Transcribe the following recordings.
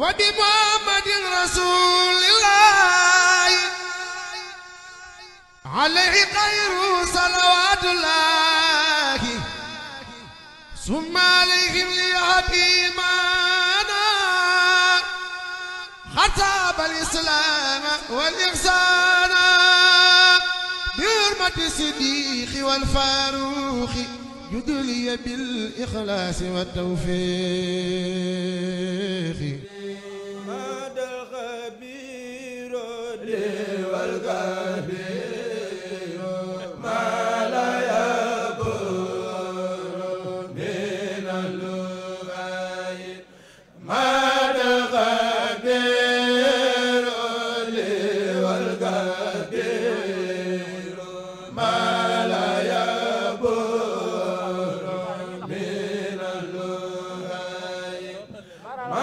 wa bi muhammadin rasulillahi alayhi xayru salawatullahi summa alayhim li yatimana xatab al islam wal ihsana bi hurmati siddiqi wal faruqi judliya bil ikhlasi wat tawfiq la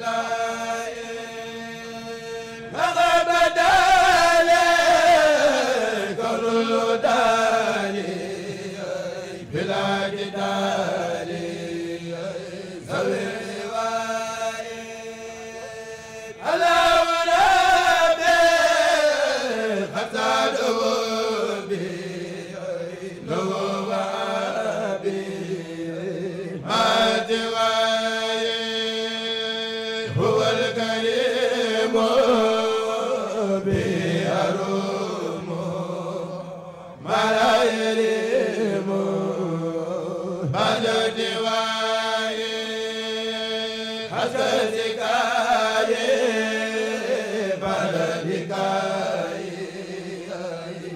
la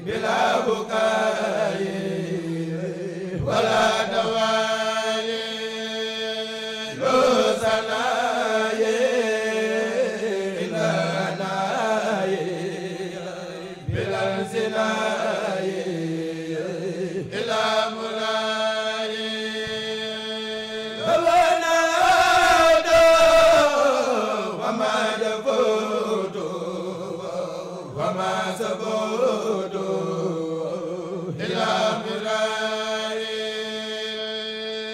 bila buka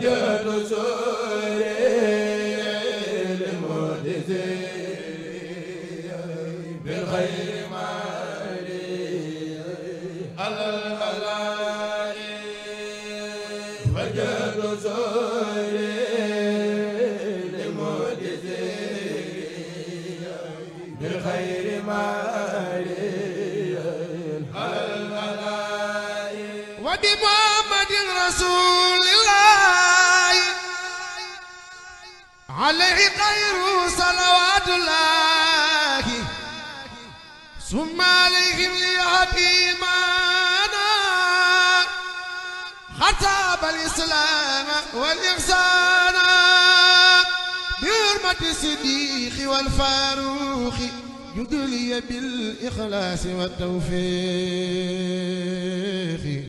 محمد رسول عليه خير صلوات الله ثم عليهم ليعتيمانا خطاب الإسلام والإحسان بحرمة الصديق والفاروق يدلي بالإخلاص والتوفيق